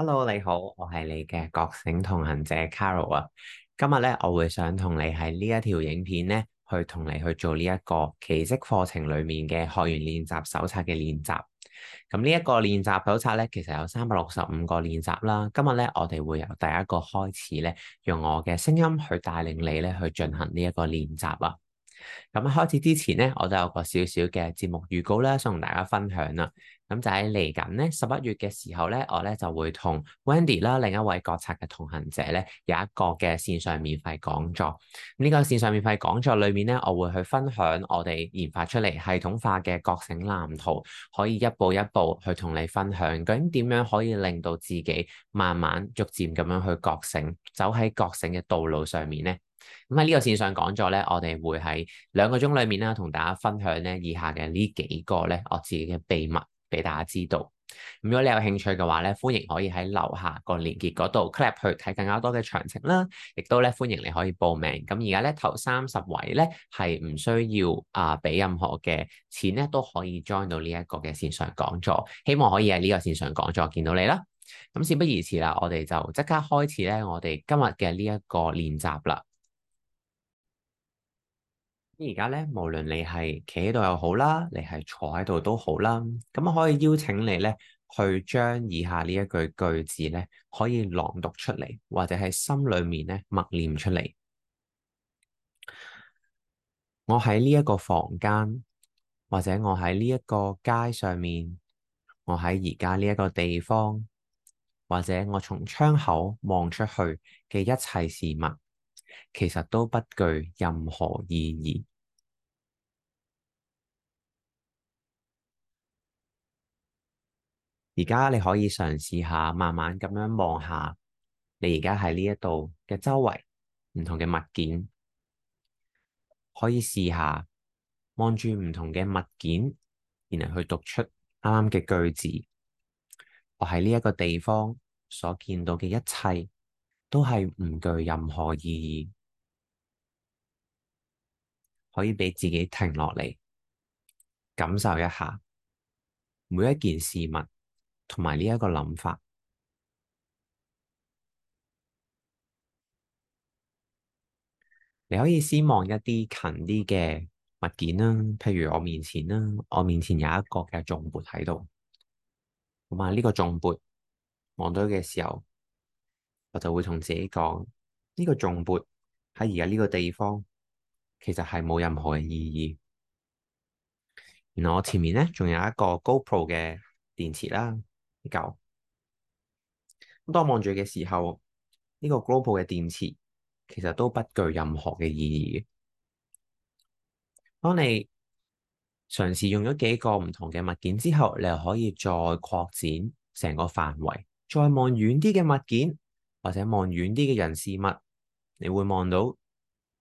Hello，你好，我係你嘅覺醒同行者 Carol 啊。今日咧，我會想同你喺呢一條影片咧，去同你去做呢一個奇蹟課程裏面嘅學員練習手冊嘅練習。咁呢一個練習手冊咧，其實有三百六十五個練習啦。今日咧，我哋會由第一個開始咧，用我嘅聲音去帶領你咧去進行呢一個練習啊。咁開始之前咧，我都有個少少嘅節目預告咧，想同大家分享啦。咁就喺嚟緊咧十一月嘅時候咧，我咧就會同 Wendy 啦，另一位覺察嘅同行者咧，有一個嘅線上免費講座。呢、呢個線上免費講座裏面咧，我會去分享我哋研發出嚟系統化嘅覺醒藍圖，可以一步一步去同你分享究竟點樣可以令到自己慢慢逐漸咁樣去覺醒，走喺覺醒嘅道路上面咧。咁喺呢個線上講座咧，我哋會喺兩個鐘裏面啦，同大家分享咧以下嘅呢幾個咧，我自己嘅秘密俾大家知道。如果你有興趣嘅話咧，歡迎可以喺樓下個連結嗰度 click 去睇更加多嘅詳情啦。亦都咧歡迎你可以報名。咁而家咧頭三十位咧係唔需要啊，俾任何嘅錢咧都可以 join 到呢一個嘅線上講座。希望可以喺呢個線上講座見到你啦。咁事不宜遲啦，我哋就即刻開始咧，我哋今日嘅呢一個練習啦。而家咧，無論你係企喺度又好啦，你係坐喺度都好啦，咁可以邀請你咧去將以下呢一句句子咧可以朗讀出嚟，或者喺心裏面咧默念出嚟。我喺呢一個房間，或者我喺呢一個街上面，我喺而家呢一個地方，或者我從窗口望出去嘅一切事物，其實都不具任何意義。而家你可以嘗試下，慢慢咁樣望下你而家喺呢一度嘅周圍唔同嘅物件，可以試下望住唔同嘅物件，然後去讀出啱啱嘅句子。我喺呢一個地方所見到嘅一切，都係唔具任何意義。可以畀自己停落嚟感受一下每一件事物。同埋呢一個諗法，你可以先望一啲近啲嘅物件啦，譬如我面前啦，我面前有一個嘅重撥喺度。咁啊，呢個重撥望到嘅時候，我就會同自己講：呢個重撥喺而家呢個地方，其實係冇任何嘅意義。然後我前面咧仲有一個 GoPro 嘅電池啦。夠當望住嘅時候，呢個 global 嘅電池其實都不具任何嘅意義。當你嘗試用咗幾個唔同嘅物件之後，你又可以再擴展成個範圍。再望遠啲嘅物件，或者望遠啲嘅人事物，你會望到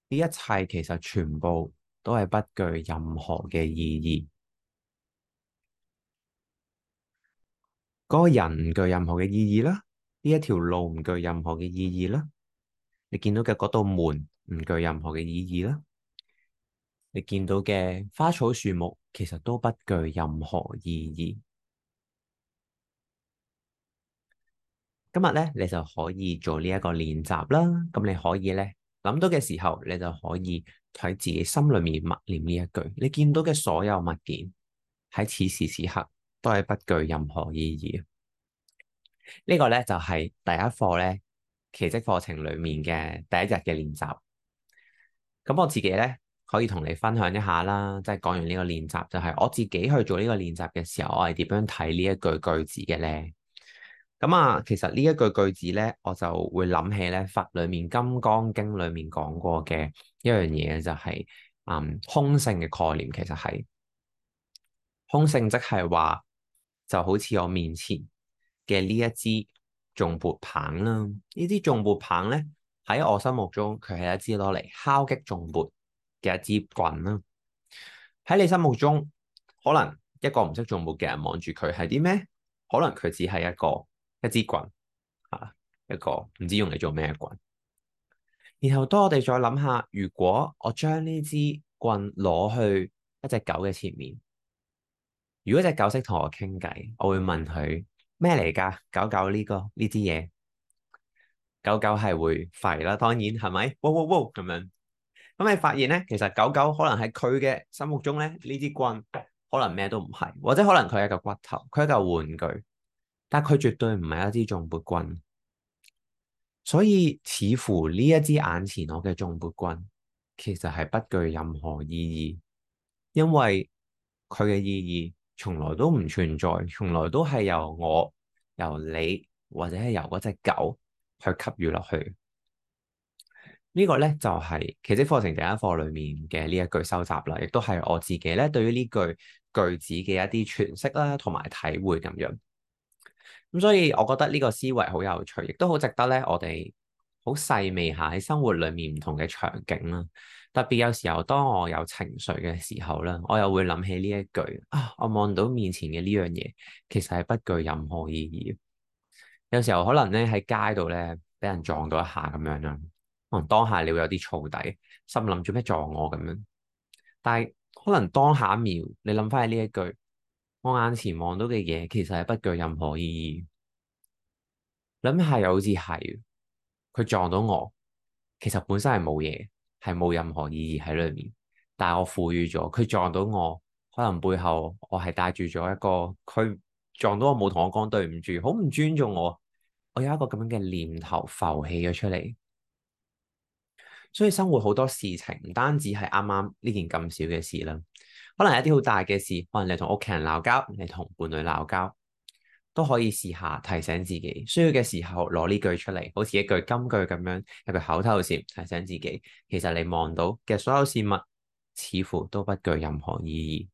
呢一切其實全部都係不具任何嘅意義。嗰個人唔具任何嘅意義啦，呢一條路唔具任何嘅意義啦，你見到嘅嗰道門唔具任何嘅意義啦，你見到嘅花草樹木其實都不具任何意義。今日咧，你就可以做呢一個練習啦。咁你可以咧，諗到嘅時候，你就可以喺自己心裏面默念呢一句：你見到嘅所有物件，喺此時此刻，.都係不具任何意義。這個、呢個咧就係、是、第一課咧，奇蹟課程裡面嘅第一日嘅練習。咁我自己咧可以同你分享一下啦，即係講完呢個練習就係、是、我自己去做呢個練習嘅時候，我係點樣睇呢一句句子嘅咧？咁啊，其實呢一句句子咧，我就會諗起咧法，裡面《金剛經》裡面講過嘅一樣嘢，就係、是、嗯，空性嘅概念，其實係空性即，即係話。就好似我面前嘅呢一支頌缽棒啦，棒呢支頌缽棒咧喺我心目中佢係一支攞嚟敲擊頌缽嘅一支棍啦。喺你心目中，可能一個唔識頌缽嘅人望住佢係啲咩？可能佢只係一個一支棍啊，一個唔知用嚟做咩嘅棍。然後當我哋再諗下，如果我將呢支棍攞去一隻狗嘅前面。如果隻狗識同我傾偈，我會問佢咩嚟㗎？狗狗呢個呢啲嘢，狗狗係、這個、會吠啦，當然係咪？哇哇哇咁樣咁，你發現咧，其實狗狗可能喺佢嘅心目中咧，呢支棍可能咩都唔係，或者可能佢係嚿骨頭，佢係嚿玩具，但佢絕對唔係一支重撥棍，所以似乎呢一支眼前我嘅重撥棍，其實係不具任何意義，因為佢嘅意義從來都唔存在，從來都係由我、由你或者係由嗰隻狗去給予落去。這個、呢個咧就係奇蹟課程第一課裏面嘅呢一句收集啦，亦都係我自己咧對於呢句句子嘅一啲詮釋啦，同埋體會咁樣。咁所以我覺得呢個思維好有趣，亦都好值得咧，我哋好細微下喺生活裏面唔同嘅場景啦。特別有時候，當我有情緒嘅時候咧，我又會諗起呢一句啊。我望到面前嘅呢樣嘢，其實係不具任何意義。有時候可能咧喺街度咧俾人撞到一下咁樣啦，可能當下你會有啲燥底，心諗做咩撞我咁樣。但係可能當下一秒，你諗翻起呢一句，我眼前望到嘅嘢其實係不具任何意義。諗下又好似係佢撞到我，其實本身係冇嘢。係冇任何意義喺裏面，但係我賦予咗佢撞到我，可能背後我係帶住咗一個佢撞到我冇同我講對唔住，好唔尊重我，我有一個咁樣嘅念頭浮起咗出嚟。所以生活好多事情唔單止係啱啱呢件咁小嘅事啦，可能係一啲好大嘅事，可能你同屋企人鬧交，你同伴侶鬧交。都可以試下提醒自己，需要嘅時候攞呢句出嚟，好似一句金句咁樣入個口頭禪，提醒自己其實你望到嘅所有事物似乎都不具任何意義。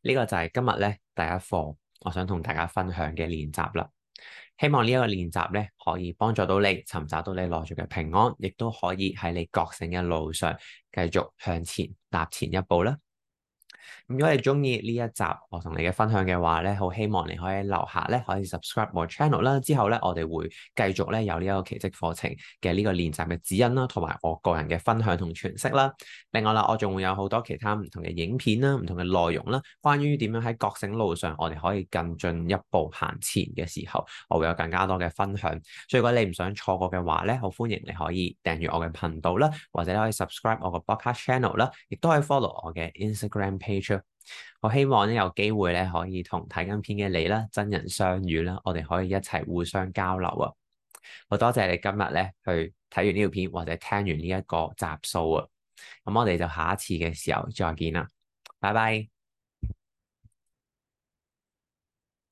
呢個就係今日咧第一課，我想同大家分享嘅練習啦。希望呢一個練習咧可以幫助到你尋找到你內在嘅平安，亦都可以喺你覺醒嘅路上繼續向前踏前一步啦。如果你中意呢一集我同你嘅分享嘅話咧，好希望你可以留下咧，可以 subscribe 我 channel 啦。之後咧，我哋會繼續咧有呢一個奇蹟課程嘅呢個練習嘅指引啦，同埋我個人嘅分享同詮釋啦。另外啦，我仲會有好多其他唔同嘅影片啦，唔同嘅內容啦，關於點樣喺覺醒路上我哋可以更進一步行前嘅時候，我會有更加多嘅分享。所以如果你唔想錯過嘅話咧，好歡迎你可以訂閱我嘅頻道啦，或者你可以 subscribe 我個 podcast channel 啦，亦都可以 follow 我嘅 Instagram page。我希望咧有機會咧可以同睇緊片嘅你啦真人相遇啦，我哋可以一齊互相交流啊！好多謝你今日咧去睇完呢條片或者聽完呢一個集數啊！咁我哋就下一次嘅時候再見啦，拜拜。